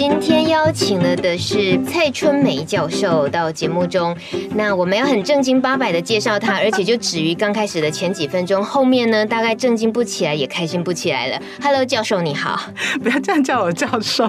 今天邀請了的是蔡春美教授到節目中，那我們要很正經八百的介紹她，而且就止於剛開始的前幾分鐘，後面呢，大概正經不起來，也開心不起來了。Hello，教授你好。不要這樣叫我教授，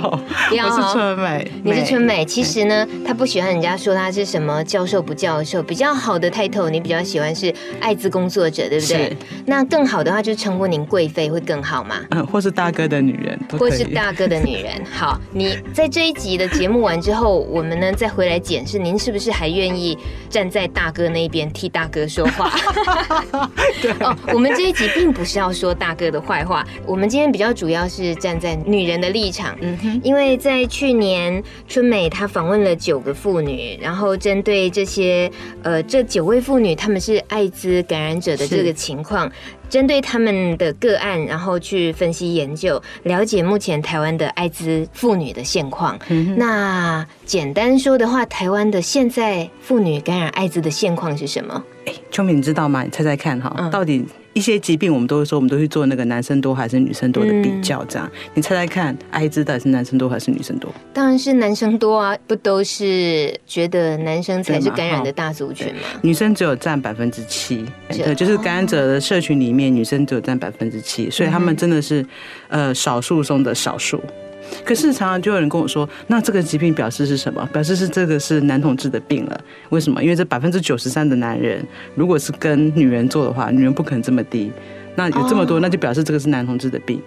你好好，我是春美。你是春美。其實呢，她不喜歡人家說她是什麼教授不教授，比較好的 title，你比較喜歡是艾滋工作者，對不對？是。那更好的話，就稱呼您貴妃會更好嗎？嗯，或是大哥的女人，或是大哥的女人，好，你。在這一集的節目完之後，我們呢再回來檢視您是不是還願意站在大哥那邊替大哥說話。 對哦，我們這一集並不是要說大哥的壞話，我們今天比較主要是站在女人的立場，嗯哼，因為在去年春美她訪問了九個婦女，然後針對這些呃這九位婦女她們是艾滋感染者的這個情況。針對他們的個案，然後去分析研究，了解目前台灣的艾滋婦女的現況。 那簡單說的話，台灣的現在婦女感染艾滋的現況是什麼？哎，瓊美你知道嗎？你猜猜看哈、嗯，到底？一些疾病，我們都會說，我們都去做那個男生多還是女生多的比較，這樣、嗯、你猜猜看，艾滋到底是男生多還是女生多？當然是男生多啊！不都是覺得男生才是感染的大族群嗎？哦、女生只有占百分之七，對，就是感染者的社群裡面，女生只有占百分之七，所以他們真的是、嗯，呃，少數中的少數。可是常常就有人跟我說，那這個疾病表示是什麼？表示是這個是男同志的病了。為什麼？因為這百分之九十三的男人，如果是跟女人做的話，女人不可能這麼低。那有這麼多，那就表示這個是男同志的病。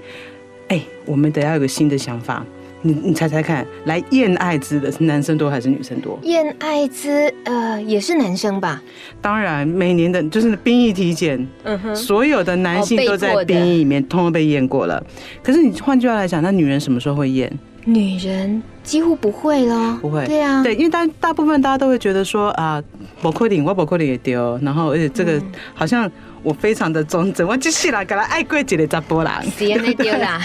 哎、oh. 欸，我們得要有個新的想法。你你猜猜看，來驗艾滋的是男生多還是女生多？驗艾滋，呃，也是男生吧？當然，每年的就是兵役體檢、嗯，所有的男性都在兵役裡面，哦、裡面通通被驗過了。可是你換句話來講，那女人什麼時候會驗？女人幾乎不會嘍。不會？對啊，對，因為大大部分大家都會覺得說啊，不可能，我不可能也丟，然後而且這個、嗯、好像。我非常的忠貞，我就是來給他愛過幾粒雜波啦。是 啊不對，那對啦。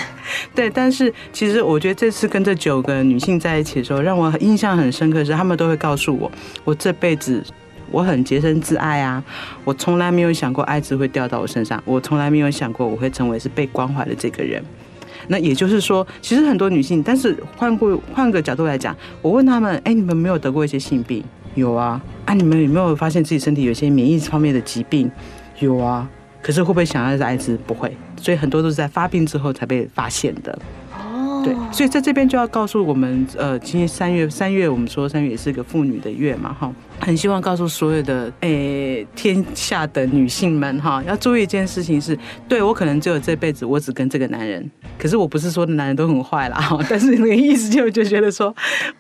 對，但是其實我覺得這次跟這九個女性在一起的時候，讓我印象很深刻的是，她們都會告訴我，我這輩子我很潔身自愛啊，我從來沒有想過愛滋會掉到我身上，我從來沒有想過我會成為是被關懷的這個人。 那也就是說，其實很多女性，但是換過換個角度來講，我問她們，哎，你們沒有得過一些性病？有啊，啊，你們有沒有發現自己身體有些免疫方面的疾病？有啊，可是會不會想要是愛滋？不會，所以很多都是在發病之後才被發現的。對，所以在這邊就要告訴我們，呃，今天三月三月，月我們說三月也是個婦女的月嘛，哈，很希望告訴所有的誒、欸、天下的女性們，哈，要注意一件事情是，對，我可能只有這輩子我只跟這個男人，可是我不是說的男人都很壞啦，哈，但是那個意思就就覺得說，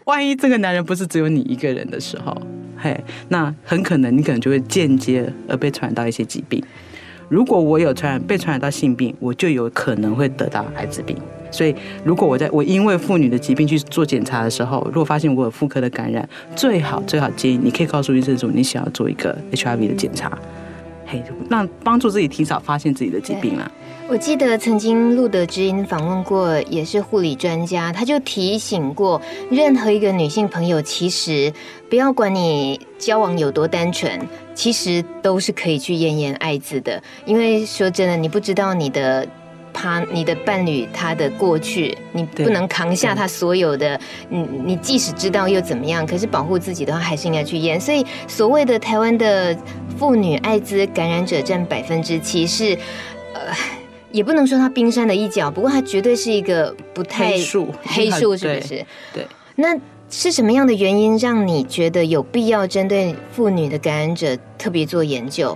萬一這個男人不是只有你一個人的時候，嘿，那很可能你可能就會間接而被傳染到一些疾病，如果我有傳染被傳染到性病，我就有可能會得到艾滋病。所以，如果我在我因為婦女的疾病去做檢查的時候，如果發現我有婦科的感染，最好最好建議你可以告訴醫生說你想要做一個 HIV 的檢查，嘿、嗯，hey, 那幫助自己提早發現自己的疾病了、啊。我記得曾經露德知音訪問過，也是護理專家，他就提醒過，任何一個女性朋友，其實不要管你交往有多單純，其實都是可以去驗驗愛滋的，因為說真的，你不知道你的。怕你的伴侶他的過去，你不能扛下他所有的。你你即使知道又怎麼樣？可是保護自己的話，還是應該去驗。所以所謂的台灣的婦女艾滋感染者占百分之七，是呃，也不能說它冰山的一角，不過它絕對是一個不太黑數，黑數是不是？對，對。那是什麼樣的原因讓你覺得有必要針對婦女的感染者特別做研究？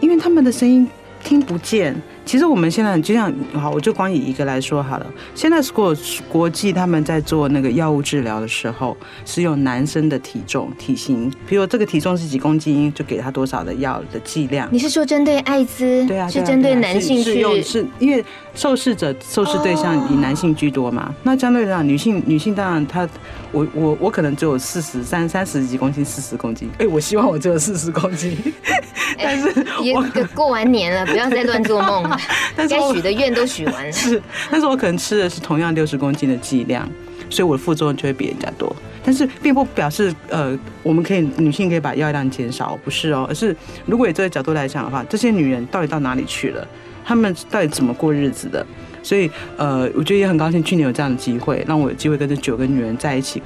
因為他們的聲音聽不見。其實我們現在就像好，我就光以一個來說好了。現在是國國際他們在做那個藥物治療的時候，是用男生的體重、體型，比如這個體重是幾公斤，就給他多少的藥的劑量。啊、你是說針對艾滋？對啊，是針對男性去，是因為受試者、受試對象以男性居多嘛？那相對來講，女性、女性當然她，我我我可能只有四十三三十幾公斤，四十公斤。哎，我希望我只有四十公斤 但是也過完年了，不要再亂做夢。 但是我許的願都許完了 是，但是我可能吃的是同樣六十公斤的劑量，所以我的副作用就會比人家多。但是並不表示呃，我們可以女性可以把藥量減少，不是哦，而是如果以這個角度來講的話，這些女人到底到哪裡去了？她們到底怎麼過日子的？所以呃，我覺得也很高興去年有這樣的機會，讓我有機會跟這九個女人在一起，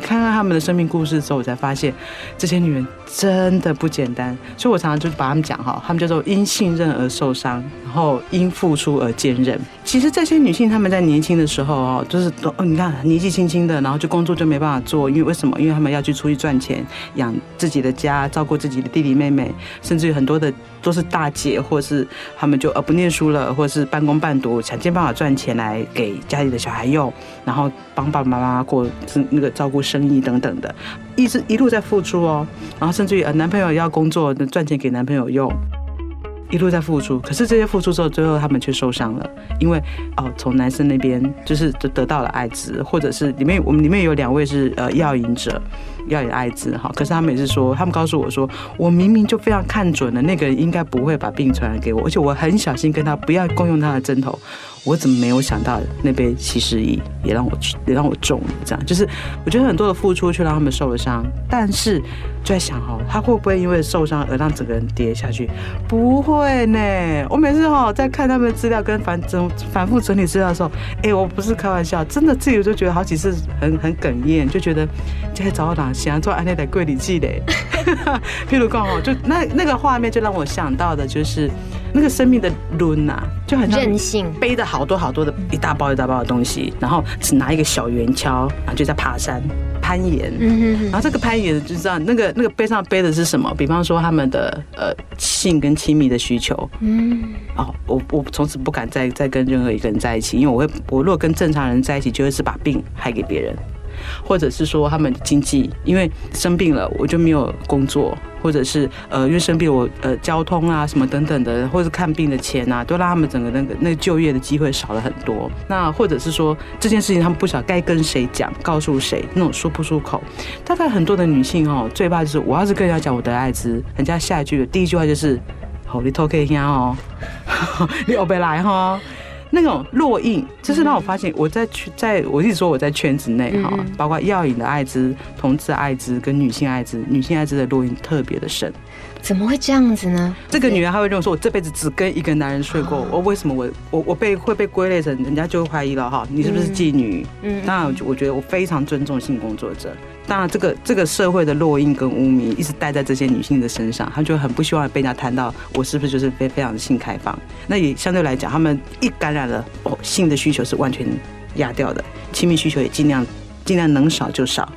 看看她們的生命故事之後，我才發現這些女人真的不簡單。所以我常常就把她們講哈，她們叫做因信任而受傷。然後因付出而堅韌。其實這些女性，她們在年輕的時候哦，就是都哦，你看年紀輕輕的，然後就工作就沒辦法做，因為為什麼？因為她們要去出去賺錢，養自己的家，照顧自己的弟弟妹妹，甚至於很多的都是大姐，或是她們就呃不念書了，或是半工半讀，想盡辦法賺錢來給家裡的小孩用，然後幫爸爸媽媽過是那個照顧生意等等的，一直一路在付出哦。然後甚至於呃男朋友要工作賺錢給男朋友用。一路在付出，可是這些付出之後，最後他們卻受傷了，因為哦，從男生那邊就是就得到了艾滋，或者是裡面我們裡面有兩位是呃藥癮者，藥癮愛滋哈、哦。可是他們也是說，他們告訴我說，我明明就非常看準了，那個人應該不會把病傳染給我，而且我很小心跟他不要共用他的針頭。我怎麼沒有想到那杯七十一也讓我去也讓我中了？這樣，就是我覺得很多的付出卻讓他們受了傷，但是就在想哦，他會不會因為受傷而讓整個人跌下去？不會呢。我每次哈、哦、在看他們的資料跟反整反復整理資料的時候，哎，我不是開玩笑，真的自己都覺得好幾次很很哽咽，就覺得就還找我哪想做安內的櫃裡記得，譬如剛好、哦、就那那個畫面就讓我想到的就是。那個生命的掄啊，就很任性，背着好多好多的一大包一大包的東西，然後只拿一個小圓鍬，然後就在爬山攀岩。嗯，然後這個攀岩就知道，那個那個背上背的是什麼？比方說他們的呃性跟親密的需求。嗯。哦，我我從此不敢再再跟任何一個人在一起，因為我會，我若跟正常人在一起，就會是把病害給別人。或者是說他們經濟，因為生病了，我就沒有工作，或者是呃因為生病我呃交通啊什麼等等的，或者是看病的錢啊，都讓他們整個那個那個就業的機會少了很多。那或者是說這件事情他們不曉得該跟誰講，告訴誰，那種說不出口。大概很多的女性哦、喔，最怕就是我要是跟人家講我得艾滋人家下一句的第一句話就是，哦你偷可以聽哦， 你別來哈、喔。那種烙印，就是讓我發現我，我在圈，在我一直說我在圈子內哈，包括藥癮的艾滋、同志艾滋跟女性艾滋，女性艾滋的烙印特別的深。怎麼會這樣子呢？這個女人她會跟我說：“我這輩子只跟一個男人睡過。啊”我為什麼我我我被，我被會被歸類成人家就會懷疑了哈？你是不是妓女嗯？嗯，那我覺得我非常尊重性工作者。當然，這個這個社會的烙印跟污名一直戴在這些女性的身上，她就很不希望被人家談到我是不是就是非非常的性開放。那也相對來講，她們一感染了，哦，性的需求是完全壓掉的，親密需求也盡量盡量能少就少。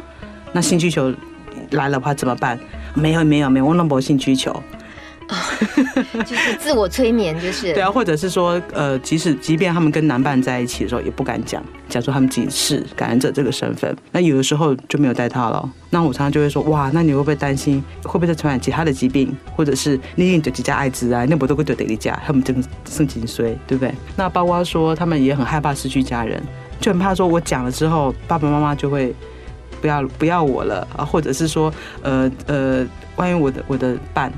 那性需求來了的話怎麼辦？沒有沒有沒有，我都沒性需求。 就是自我催眠，就是 對啊，或者是說，呃，即使即便他們跟男伴在一起的時候也不敢講，講出他們自己是感染者這個身份。那有的時候就沒有帶他了。那我常常就會說，哇，那你會不會擔心，會不會再傳染其他的疾病？或者是，你已經得幾家艾滋啊，那不都會得得一家，他們真神經衰，對不對？那包括說，他們也很害怕失去家人，就很怕說，我講了之後，爸爸媽媽就會不要不要我了啊，或者是說，呃呃，萬一我的我的伴。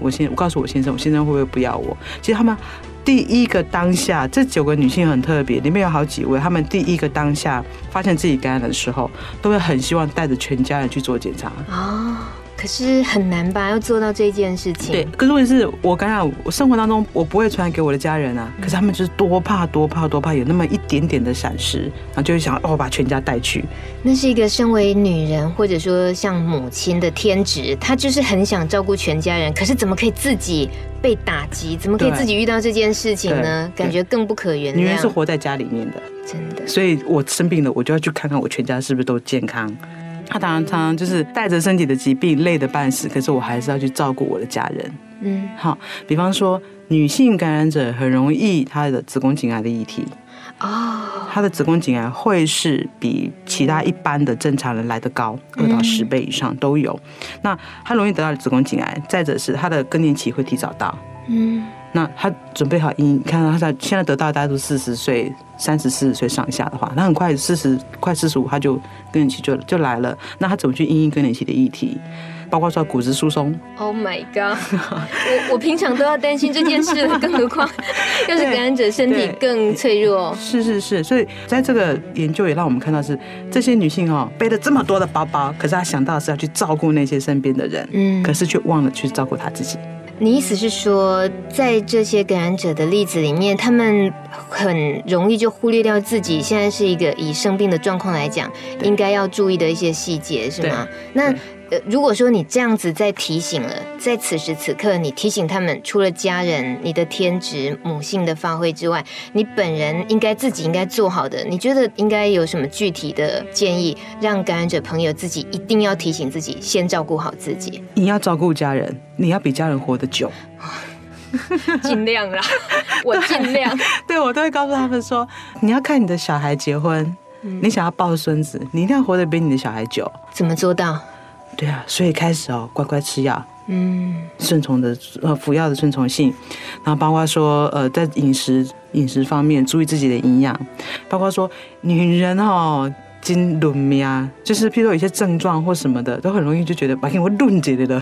我先，我告訴我先生，我先生會不會不要我？其實他們第一個當下，這九個女性很特別，裡面有好幾位，他們第一個當下發現自己感染的時候，都會很希望帶着全家人去做檢查。哦可是很難吧，要做到這件事情。對，可是問題是我感染，我生活當中我不會傳染給我的家人啊。嗯。可是他們就是多怕、多怕、多怕，有那麼一點點的閃失，然後就會想哦把全家帶去。那是一個身為女人或者說像母親的天職，她就是很想照顧全家人。可是怎麼可以自己被打擊？怎麼可以自己遇到這件事情呢？感覺更不可原諒。女人是活在家裡面的，真的。所以我生病了，我就要去看看我全家是不是都健康。他當然常常就是帶着身體的疾病，累得半死，可是我還是要去照顧我的家人。嗯，好，比方說女性感染者很容易她的子宮頸癌的議題。哦，她的子宮頸癌會是比其他一般的正常人來得高，二、嗯、到十倍以上都有。那她容易得到子宮頸癌，再者是她的更年期會提早到。嗯。那他準備好應，看到他在現在得到大家都四十歲、三十、四十歲上下的話，那很快四十、快四十五，他就更年期就就來了。那他怎麼去因應更年期的議題，包括說骨質疏鬆？Oh my god！ 我我平常都要擔心這件事，更何況又 是感染者，身體更脆弱。是是是，所以在這個研究也讓我們看到是這些女性哈、哦、背了這麼多的包包，可是她想到的是要去照顧那些身邊的人，嗯，可是卻忘了去照顧她自己。你意思是說，在這些感染者的例子裡面，他們很容易就忽略掉自己現在是一個以生病的狀況來講，應該要注意的一些細節，是嗎？那呃，如果說你這樣子再提醒了，在此時此刻，你提醒他們，除了家人、你的天職、母性的發揮之外，你本人應該自己應該做好的，你覺得應該有什麼具體的建議，讓感染者朋友自己一定要提醒自己，先照顧好自己。你要照顧家人，你要比家人活得久。盡 量啦，我盡量， 對，對我都會告訴他們說，你要看你的小孩結婚，嗯，你想要抱孫子，你一定要活得比你的小孩久。怎麼做到？對啊，所以開始哦，乖乖吃藥，嗯，順從的呃服藥的順從性，然後包括說呃在飲食飲食方面注意自己的營養，包括說女人哦。筋攣啊，就是譬如說一些症狀或什麼的，都很容易就覺得白天會攣起來了。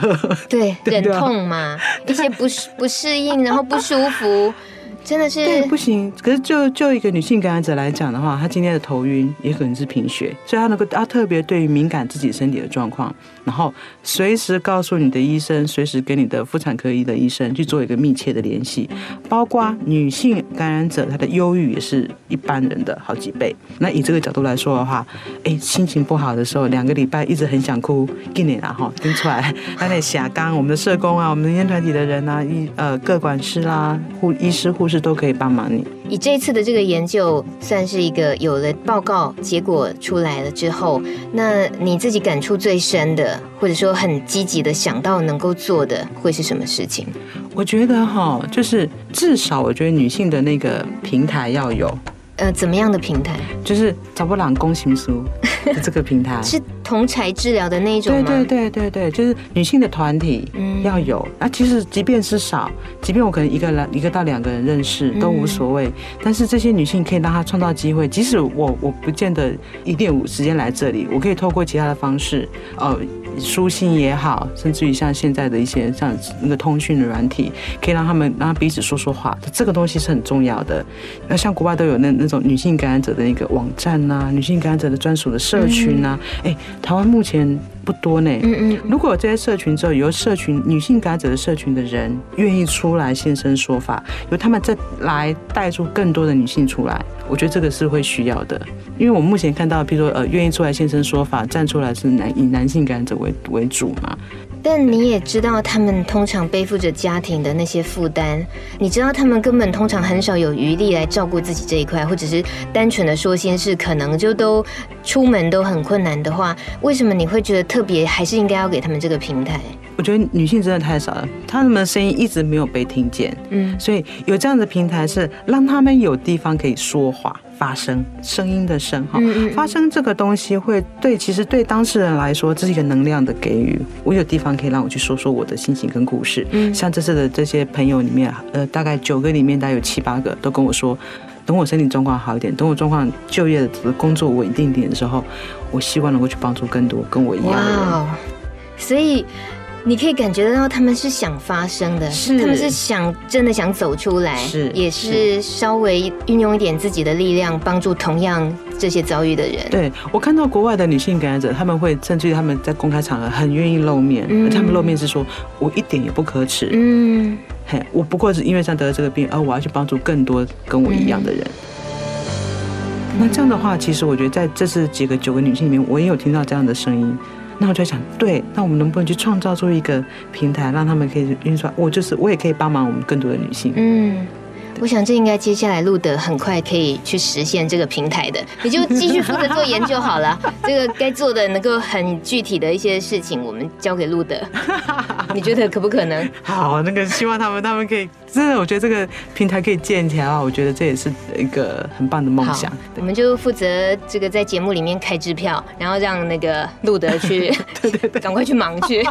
對，忍痛嘛，一些不適、不適應， 然後不舒服。啊啊真的是，對，不行。可是就就一個女性感染者來講的話，她今天的頭暈也可能是貧血，所以她能夠她特別對於敏感自己身體的狀況，然後隨時告訴你的醫生，隨時跟你的婦產科醫的醫生去做一個密切的聯繫。包括女性感染者她的憂鬱也是一般人的好幾倍。那以這個角度來說的話，哎，心情不好的時候，兩個禮拜一直很想哭，一年然哈，聽出來，那下剛我們的社工啊，我們的煙團體的人啊，醫呃各管師啦、啊，護醫師護士。都可以幫忙你。以這一次的這個研究，算是一個有了報告結果出來了之後，那你自己感觸最深的，或者說很積極的想到能夠做的，會是什麼事情？我覺得哈，就是至少我覺得女性的那個平台要有，呃，怎麼樣的平台？就是找波朗公行書的這個平台。 是同才治療的那種對對對對對，就是女性的團體要有、嗯、啊。其實即便是少，即便我可能一個人一個到兩個人認識都無所謂、嗯。但是這些女性可以讓她創造機會，即使我我不見得一定有時間來這裡，我可以透過其他的方式，呃，書信也好，甚至於像現在的一些這樣那個通訊的軟體，可以讓他們讓她彼此說說話。這個東西是很重要的。那像國外都有那那種女性感染者的那個網站吶、啊，女性感染者的專屬的社群吶、啊，哎、嗯。欸台灣目前？不多呢。嗯嗯。如果有這些社群之後有由社群女性感染者的社群的人願意出來現身說法，由他們再來帶出更多的女性出來，我覺得這個是會需要的。因為我目前看到，譬如說，呃，願意出來現身說法、站出來是男以男性感染者為為主嘛。但你也知道，他們通常背負着家庭的那些負擔，你知道他們根本通常很少有餘力來照顧自己這一塊，或者是單純的說心事，可能就都出門都很困難的話，為什麼你會覺得特？特別還是應該要給他們這個平台。我覺得女性真的太少了，她們的聲音一直沒有被聽見。嗯，所以有這樣的平台是讓她們有地方可以說話。發聲，聲音的聲哈，發聲這個東西會對，其實對當事人來說，這是一個能量的給予。我有地方可以讓我去說說我的心情跟故事。嗯，像這次的這些朋友裡面，呃，大概九個裡面，大概有七八個都跟我說，等我身體狀況好一點，等我狀況就業的工作穩定點的時候，我希望能夠去幫助更多跟我一樣的人。所以。你可以感覺得到，他們是想發聲的，是他們是想真的想走出來，是也是稍微運用一點自己的力量，幫助同樣這些遭遇的人。對，我看到國外的女性感染者，他們會甚至於他們在公開場合很願意露面，嗯、而他們露面是說，我一點也不可恥，嗯，嘿，我不過是因為像得了這個病，而我要去幫助更多跟我一樣的人、嗯。那這樣的話，其實我覺得在這次幾個九個女性裡面，我也有聽到這樣的聲音。那我就想，對，那我們能不能去創造出一個平台，讓他們可以運算？我就是我也可以幫忙我們更多的女性。嗯，我想這應該接下來露德很快可以去實現這個平台的。你就繼續負責做研究好了， 這個該做的能夠很具體的一些事情，我們交給露德。 你覺得可不可能？好，那個希望他們，他們可以真的，我覺得這個平台可以建起來，我覺得這也是一個很棒的夢想。我們就負責這個在節目裡面開支票，然後讓那個露德去，對對對，趕 快去忙去。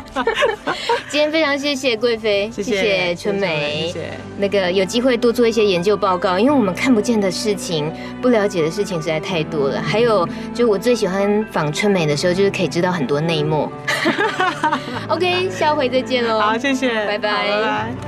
今天非常謝謝貴妃，謝謝，謝，謝春美謝謝謝謝，那個有機會多做一些研究報告，因為我們看不見的事情、不了解的事情實在太多了。還有，就我最喜歡訪春美的時候，就是可以知道很多內幕。 OK， 下回再見嘍。好，謝謝，拜拜。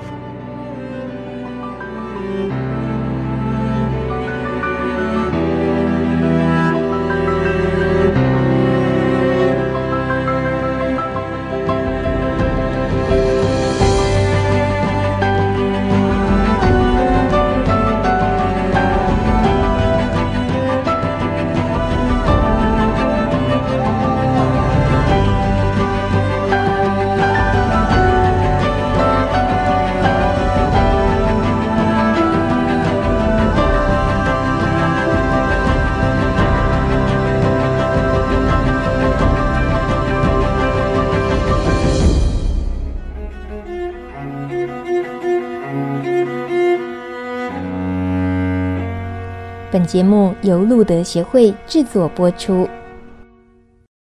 本節目由露德協會製作播出。